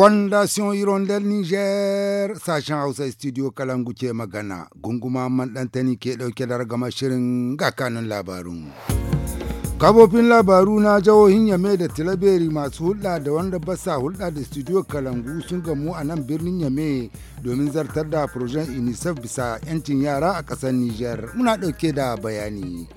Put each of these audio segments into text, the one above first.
fondation hirondel niger sashen hausa studio kalangu ke magana gunguma man ɗantani ke dauke da ragama shirin ga kanun labarun kabofin labaru na jihohin yame da tilaberi masu hulɗa da wanda basa hulɗa da studio kalangu sun gamu a nan birnin yame domin zartar da projen inisaf bisa 'yancin yara a ƙasar niger muna ɗauke da bayani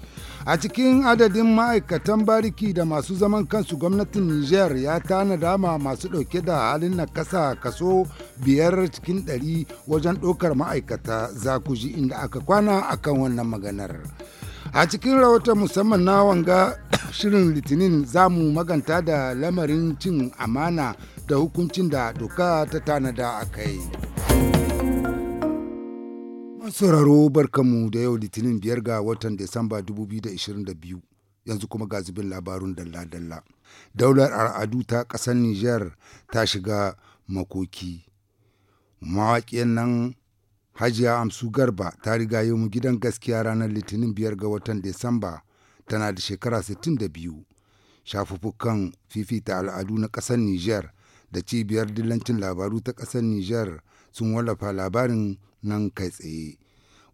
A cikin adadin ma'aikatan bariki da masu zaman kansu gwamnatin niger ya tanada ma masu ɗauke da halin na kasa kaso biyar cikin ɗari wajen ɗaukar ma'aikata zakuji inda aka kwana akan wannan maganar. A cikin rahoton musamman na wanga shirin litinin za mu maganta da lamarin cin amana da hukuncin da doka ta tanada a kai. sauraro barkanmu da yau litinin biyar ga watan Disamba 2022 yanzu kuma ga zubin labarun dalla-dalla. Daular al'adu ta ƙasar Nijar ta shiga makoki. Mawaƙiyan nan Hajiya Amsu Garba ta riga yi mu gidan gaskiya ranar litinin biyar ga watan Disamba tana da shekara 62. Shafuffukan fifita al'adu na ƙasar Nijar da cibiyar dillancin labaru ta ƙasar Nijar sun wallafa labarin nan kai tsaye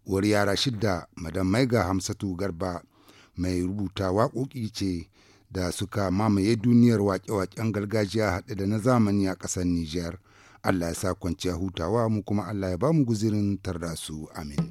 uwar yara shidda madam ga hamsatu garba mai rubuta waƙoƙi ce da suka mamaye duniyar waƙe-waƙen gargajiya haɗe da na zamani a ƙasar Nijar. Allah ya sa kwanciya hutawa mu kuma Allah ya ba mu guzirin tarda su amin.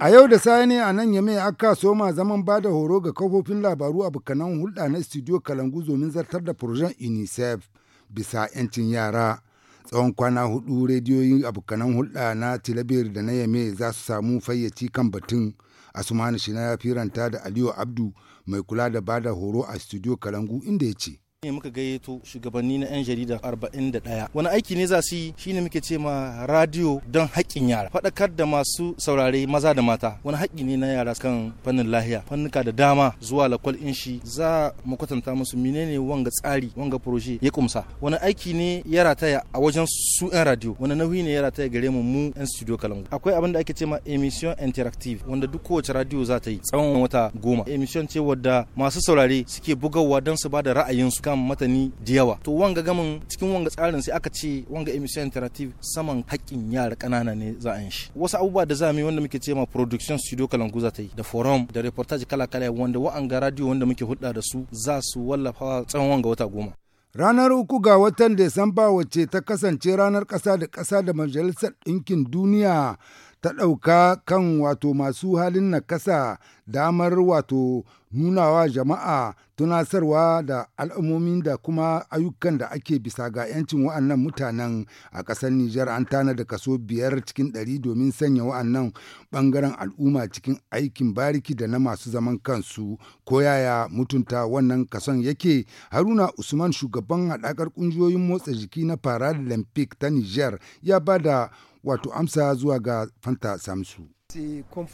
A yau da sa ne a nan Yame aka soma zaman ba da horo ga kafofin labaru a bukanan hulɗa na studio Kalangu domin zartar da projen UNICEF bisa 'yancin yara tsawon kwana hudu rediyoyin abokanan hulɗa na tilabir da na yame za su samu fayyaci kan batun asumani shi na firanta da aliyu abdu mai kula da bada horo a studio kalangu inda ya ce ne muka gayyato shugabanni na 'yan jarida 41 wani aiki ne za su yi shine muke ce ma radio don haƙƙin yara faɗakar da masu saurare maza da mata wani haƙƙi ne na yara kan fannin lahiya fannuka da dama zuwa lakwal inshi za mu kwatanta musu menene wanga tsari wanga proje ya kumsa wani aiki ne ya rataya a wajen su 'yan radio wani nauyi ne ya rataya gare mu mu 'yan studio kalangu akwai abin da ake ce ma emission interactive wanda duk kowace radio za ta yi tsawon wata goma emission ce wadda masu saurare suke bugawa don su ba da ra'ayinsu kan matani da yawa to wanga gamin cikin wanga tsarin sai aka ce wanga emission interactive saman haƙƙin yara kanana ne za a shi wasu abubuwa da za mu wanda muke ce production studio kalangu za ta yi da forum da reportage kala kala wanda wa'anga radio wanda muke hulɗa da su za su wallafa tsawon wanga wata goma Ranar uku ga watan Desamba wacce ta kasance ranar kasa da kasa da Majalisar Ɗinkin Duniya ta ɗauka kan wato masu halin na nakasa damar wato nunawa jama'a tunasarwa da al'ummomin da kuma ayyukan da ake bisa ga 'yancin wa'annan mutanen a ƙasar Nijar an tana da kaso biyar cikin ɗari domin sanya wa'annan ɓangaren al'umma cikin aikin bariki da na masu zaman kansu ko yaya mutunta wannan kason yake haruna usman shugaban haɗakar ƙungiyoyin motsa jiki na paralympic ta Nijar ya ba da wato amsa zuwa ga Fanta Samsu.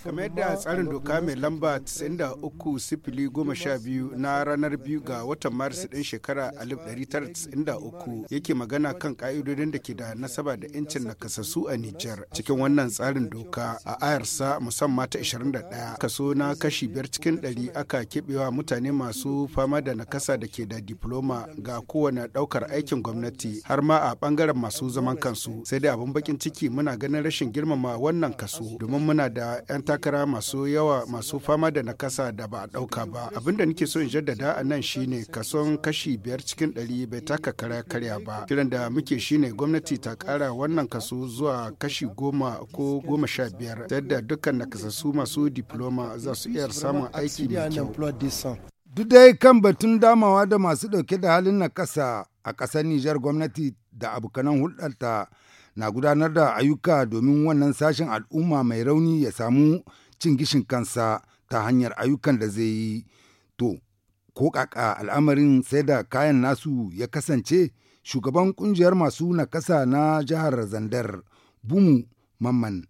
kamar da tsarin doka mai lamba 93.12 na ranar biyu ga watan maris din shekara 1993 yake magana kan ka'idodin da ke da nasaba da 'yancin nakasassu a Nijar cikin wannan tsarin doka a ayarsa musamman ta 21 kaso na kashi biyar cikin ɗari aka keɓewa mutane masu fama da nakasa da ke da diploma ga kowane ɗaukar aikin gwamnati har ma a ɓangaren masu zaman kansu sai dai abin bakin ciki muna ganin rashin girmama wannan kaso domin muna muna da 'yan takara masu yawa masu fama da nakasa da ba a ɗauka ba abinda nake so in jaddada a nan shine kason kashi biyar cikin ɗari bai taka kara karya ba kiran da muke shine gwamnati ta kara wannan kaso zuwa kashi goma ko goma sha biyar yadda dukkan nakasassu masu diploma za su iya samun aiki mai kyau duk dai kan batun damawa da masu dauke da halin nakasa a ƙasar Nijar gwamnati da abokanan hulɗarta na gudanar da ayyuka domin wannan sashen al'umma mai rauni ya samu cin gishin kansa ta hanyar ayyukan da zai yi to ko kaka al'amarin sai da kayan nasu ya kasance shugaban kungiyar masu nakasa na jihar zandar bumu mamman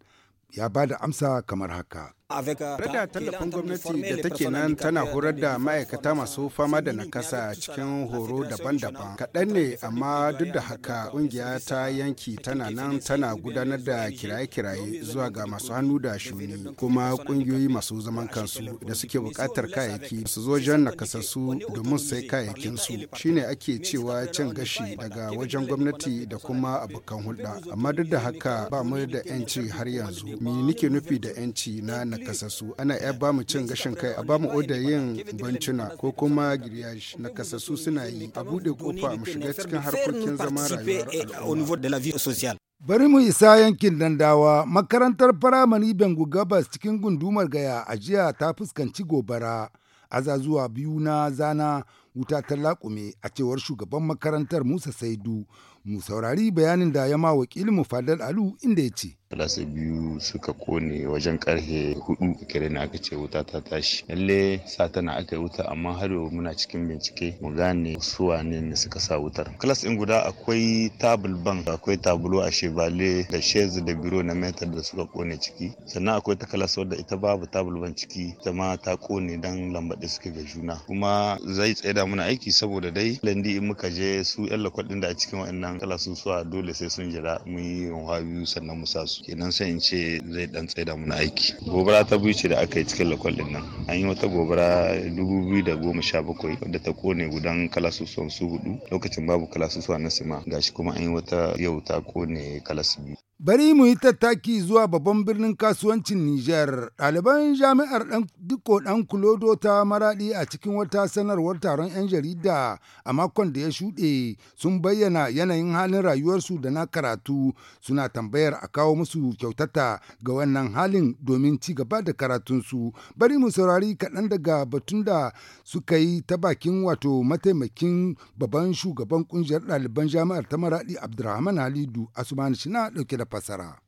ya ba da amsa kamar haka Euh, Tare tallafin gwamnati da take nan tana horar da euh, ma'aikata masu fama da nakasa cikin horo daban-daban. Kaɗan ne amma duk da haka ƙungiya ta yanki tana nan tana gudanar da kiraye-kiraye zuwa ga masu hannu da shuni kuma ƙungiyoyi masu zaman kansu da suke buƙatar kayayyaki su zo jan nakasassu domin sai kayayyakinsu. Shine ake cewa cin gashi daga wajen gwamnati da kuma abokan hulɗa. Amma duk da haka ba mu da 'yanci har yanzu. Me nike nufi da 'yanci na nakasa nakasassu ana ya ba mu cin gashin kai a ba mu oda yin bancuna ko kuma giryashi nakasassu suna yi a bude kofa mu shiga cikin harkokin zama rayuwar Bari mu isa yankin dandawa makarantar firamare Bengu Gabas cikin gundumar gaya a jiya ta fuskanci gobara azazuwa biyu na zana wuta ta laƙume a cewar shugaban makarantar Musa Saidu mu saurari bayanin da ya ma wakilin mu Alu inda ya ce. Talasa biyu suka kone wajen karhe hudu kere na aka ce wuta ta tashi. Lalle satana aka yi wuta amma har yau muna cikin bincike mu gane suwa ne ne suka sa wutar. Kalas ɗin guda akwai tabul ban, akwai tabulo a shebale da shezi da biro na metar da suka kone ciki. Sannan akwai ta kalas wadda ita babu tabul ban ciki ta ma ta kone dan lambaɗe suke ga juna. Kuma zai tsaye koya aiki saboda dai landi in muka je su yan lakwadin da a cikin wa'annan kala suwa dole sai sun jira mun yi yunwa biyu sannan mu sa su kenan sai in ce zai dan tsaida muna aiki gobara ta biyu ce da aka yi cikin lakwadin nan an yi wata gobara dubu biyu da goma sha bakwai wadda ta kone gudan kalasusuwan su hudu lokacin babu suwa na sima gashi kuma an yi wata yau ta kone kalas biyu Bari mu yi tattaki zuwa babban birnin kasuwancin Nijar, ɗaliban jami'ar ɗan diko ɗan kulodo ta maraɗi a cikin wata sanarwar taron 'yan jarida a makon da ya shuɗe sun bayyana yanayin halin rayuwarsu da na karatu suna tambayar a kawo musu kyautata ga wannan halin domin ci gaba da karatunsu. Bari mu saurari kaɗan daga batun da suka yi ta bakin wato mataimakin babban shugaban ƙungiyar ɗaliban jami'ar ta maraɗi Abdulrahman Halidu Asuman Shina ɗauke da da fasara.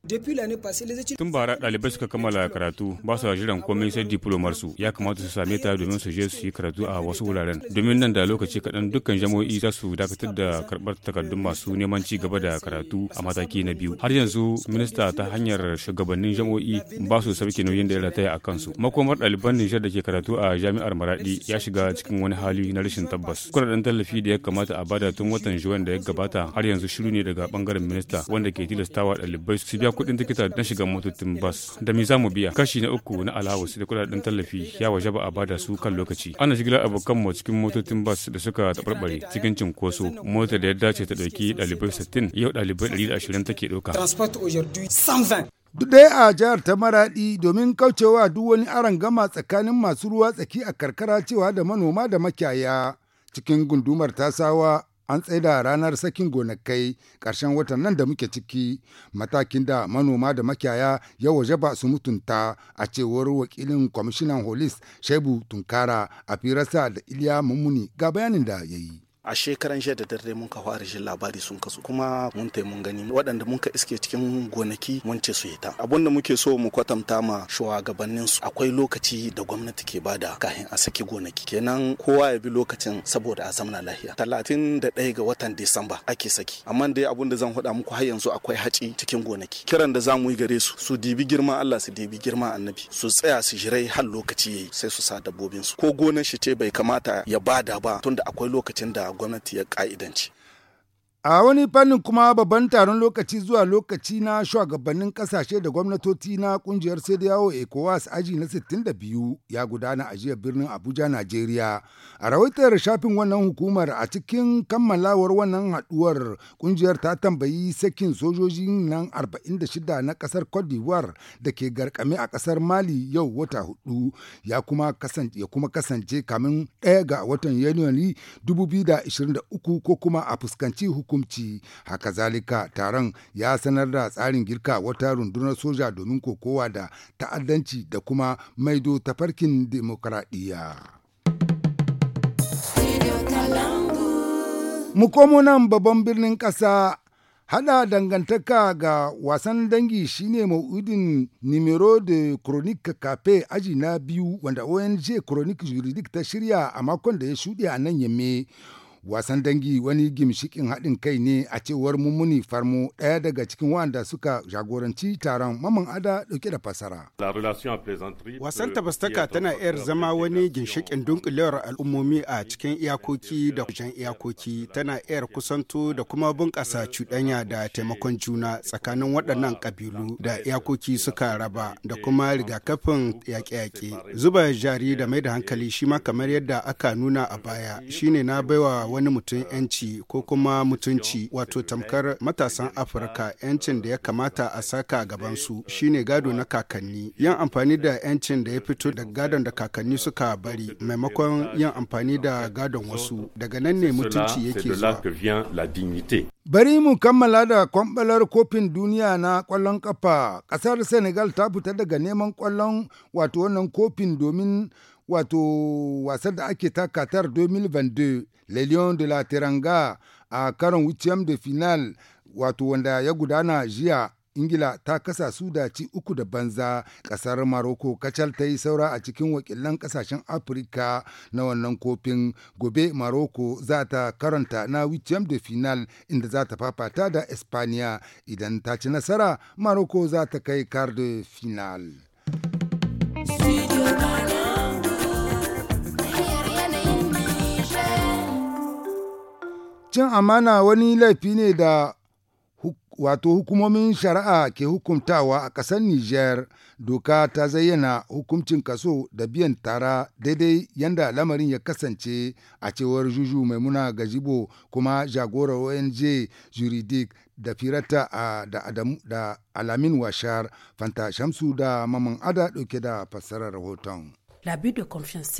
Tun bara ɗalibai suka kammala karatu ba su jiran komai sai diplomar su ya kamata su same ta domin su je su yi karatu a wasu wuraren domin nan da lokaci kaɗan dukkan jami'o'i za su dakatar da karɓar takardun masu neman ci gaba da karatu a mataki na biyu har yanzu minista ta hanyar shugabannin jami'o'i ba su sauke nauyin da ya rataya a kansu makomar ɗaliban nijar da ke karatu a jami'ar maraɗi ya shiga cikin wani hali na rashin tabbas kuɗaɗen tallafi da ya kamata a bada tun watan juwan da ya gabata har yanzu shiru ne daga ɓangaren minista wanda ke tilastawa ɗalibai su biya kuɗin tikita na shiga motocin bas da me za mu biya kashi na uku na alawus da kuɗaɗen tallafi ya waje ba a bada su kan lokaci ana shigilar abokan mu cikin motocin bas da suka taɓarɓare cikin cinkoso mota da ya dace ta ɗauki ɗalibai sittin yau ɗalibai ta take ɗauka duk a jihar ta maraɗi domin kaucewa duk wani aron gama tsakanin masu ruwa tsaki a karkara cewa da manoma da makiyaya cikin gundumar tasawa an tsaida ranar sakin gonakai ƙarshen watan nan da muke ciki matakin da manoma da makiyaya ya waje ba su mutunta a cewar wakilin kwamishinan holis shaibu tunkara a firarsa da iliya mummuni ga bayanin da ya yi a shekaran jiya da dare mun ka fara jin labari sun kasu kuma mun tai mun gani waɗanda mun ka iske cikin gonaki mun ce su yi ta. abun da muke so mu kwatanta ma shugabannin su akwai lokaci da gwamnati ke bada kafin a saki gonaki kenan kowa ya bi lokacin saboda a zamana lafiya talatin da ɗaya ga watan disamba ake saki amma dai abun da zan faɗa muku har yanzu akwai haci cikin gonaki kiran da za mu yi gare su su dibi girma allah su dibi girma annabi su tsaya su jirai har lokaci yayi sai su sa dabbobin su ko gonar shi ce bai kamata ya bada ba tunda akwai lokacin da gwamnati ya ƙa'idance A wani fannin kuma babban taron lokaci zuwa lokaci na shugabannin kasashe da gwamnatoci na kungiyar sai da yawo ECOWAS aji na 62 ya gudana a jiya birnin Abuja, Najeriya. A rawaitar shafin wannan hukumar a cikin kammalawar wannan haduwar kungiyar ta tambayi sakin sojojin nan 46 na kasar Cote d'Ivoire da ke garkame a kasar Mali yau wata hudu ya kuma kasance ya kuma kasance kamin 1 ga watan yanuwani 2023 ko kuma a fuskanci hukumar hukumci haka zalika taron ya sanar da tsarin girka wata rundunar soja domin kokowa da ta'addanci da kuma maido tafarkin demokaradiyya. Mu komo nan babban birnin ƙasa hada dangantaka ga wasan dangi shine ma'udin numero de Chronique Cafe aji na biyu wanda ONG Chronique Juridique ta shirya a makon da ya shuɗe a nan yamme. wasan dangi wani gimshikin haɗin kai ne a cewar mummuni farmo ɗaya daga cikin waɗanda suka jagoranci taron maman ada ɗauke da fasara. wasan tabastaka tana yar zama wani ginshikin dunkulewar al'ummomi a cikin iyakoki da kujan iyakoki tana yar kusanto da kuma bunƙasa cuɗanya da taimakon juna tsakanin waɗannan kabilu da iyakoki suka raba da kuma rigakafin yaƙe-yaƙe zuba jari da mai da hankali shi ma kamar yadda aka nuna a baya shine na baiwa wani mutum yanci ko kuma mutunci wato tamkar matasan afirka yancin da ya kamata a saka su shine gado na kakanni yin amfani da yancin da ya fito da gadon da kakanni suka bari maimakon yin amfani da gadon wasu daga nan ne mutunci yake zuwa Bari mu kammala da kwambalar kofin duniya na kwallon kafa. Ƙasar Senegal ta fita daga neman kwallon wato wannan kofin domin wato wasan da ake ta Qatar 2022 Le Lion de la Teranga a karon wuciyam da final wato wanda ya gudana jiya ingila ta kasa su da ci uku da banza kasar maroko kacal ta yi saura a cikin wakilan kasashen afirka na wannan kofin gobe maroko za ta karanta na wicem da final inda za ta fafata da espaniya idan ta ci nasara maroko za ta kai kar da final Cin amana wani laifi ne da wato hukumomin shari'a ke hukuntawa a ƙasar Nijar doka ta zayyana hukuncin kaso da biyan tara daidai yanda lamarin ya kasance a cewar Juju Maimuna Gajibo kuma jagorar ONG Juridic da firata a da, Adamu, da Alamin Washar Fanta Shamsu da Maman Ada ɗauke da fassarar rahoton.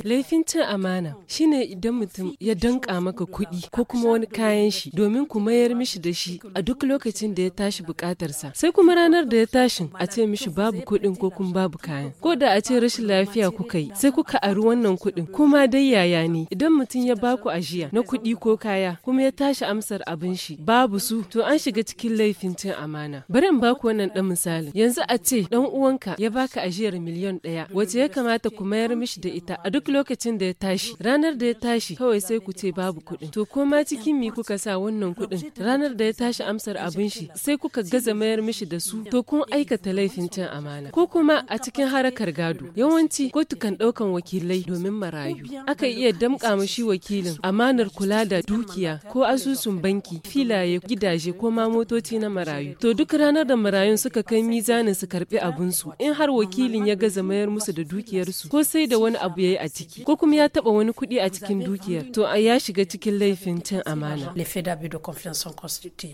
Laifin cin amana shine idan mutum ya danka maka kuɗi ko kuma wani kayan shi domin ku mayar mishi da shi a duk lokacin da ya tashi bukatarsa. Sai kuma ranar da ya tashin a ce mishi babu kuɗin ko kuma babu kayan. Ko da a ce rashin lafiya kuka yi sai kuka ari wannan kuɗin kuma dai yaya ne idan mutum ya baku ajiya na kuɗi ko kaya kuma ya tashi amsar abin shi babu su to an shiga cikin laifin cin amana. Bari in baku wannan ɗan misali yanzu a ce ɗan uwanka ya baka ajiyar miliyon ɗaya wace ya kamata ku mayar mishi da ita a duk lokacin da ya tashi. Ranar da ya tashi kawai sai ku ce babu kuɗin. To ko ma cikin mi kuka sa wannan kuɗin? Ranar da ya tashi amsar abin shi sai kuka gaza mayar mishi da su to kun aikata laifin cin amana. Ko kuma a cikin harakar gado. Yawanci kotu kan ɗaukan wakilai domin marayu. Aka iya damƙa mishi wakilin amanar kula da dukiya ko asusun banki, filaye, gidaje ko ma motoci na marayu. To duk ranar da marayun suka kai mizanin su karɓi abinsu in har wakilin ya gaza mayar musu da dukiyarsu ko sai da wani abu ya yi a ciki ko kuma ya taɓa wani kuɗi a cikin dukiyar to a ya shiga cikin laifin cin amana.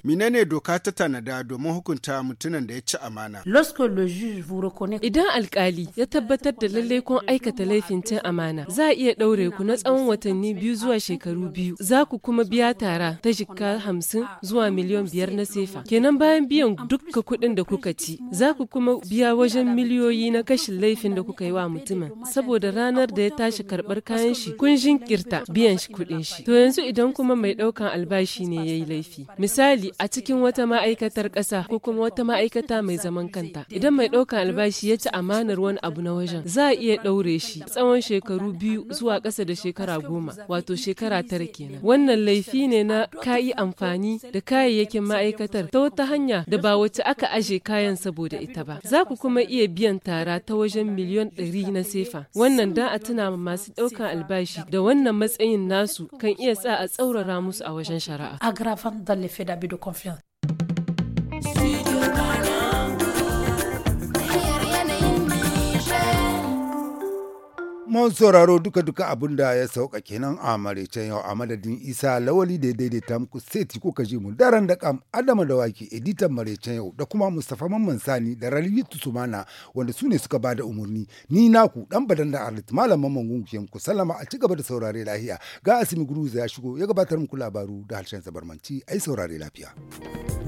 Menene doka ta tanada domin hukunta mutumin da ya ci amana? Idan alkali ya tabbatar da lallai kun aikata laifin cin amana za a iya ɗaure ku na tsawon watanni biyu zuwa shekaru biyu za ku kuma biya tara ta shika hamsin zuwa miliyan biyar na sefa kenan bayan biyan dukka kuɗin da kuka ci za ku kuma biya wajen miliyoyi na kashin laifin da kuka yi wa mutumin saboda Da ranar da ya tashi karɓar kayan shi kun jinkirta biyan shi kuɗin shi. To yanzu idan kuma mai ɗaukan albashi ne ya yi laifi. Misali a cikin wata ma'aikatar ƙasa ko kuma wata ma'aikata mai zaman kanta. Idan mai ɗaukan albashi ya ci amanar wani abu na wajen za a iya ɗaure shi tsawon shekaru biyu zuwa ƙasa da shekara goma wato shekara tara kenan. Wannan laifi ne na kayi amfani da kayayyakin ma'aikatar ta wata hanya da ba wace aka aje kayan saboda ita ba. Za ku kuma iya biyan tara ta wajen miliyon ɗari na sefa. Wannan da a tuna masu ɗaukan albashi da wannan matsayin nasu kan iya sa a tsaurara musu a wajen shari'a. mun sauraro duka-duka abin da ya sauka kenan a maraicen yau a madadin isa lawali da ya daidaita muku seti ko kaji mu daren da kam adama da wake editan maraicen yau da kuma mustapha mamman sani da ralitu sumana wanda su ne suka ba da umarni ni naku dan badan da arlit malam mamman gungu ku sallama a ci gaba da saurare lahiya ga asimi guru ya shigo ya gabatar muku labaru da harshen zabarmanci ai saurare lafiya.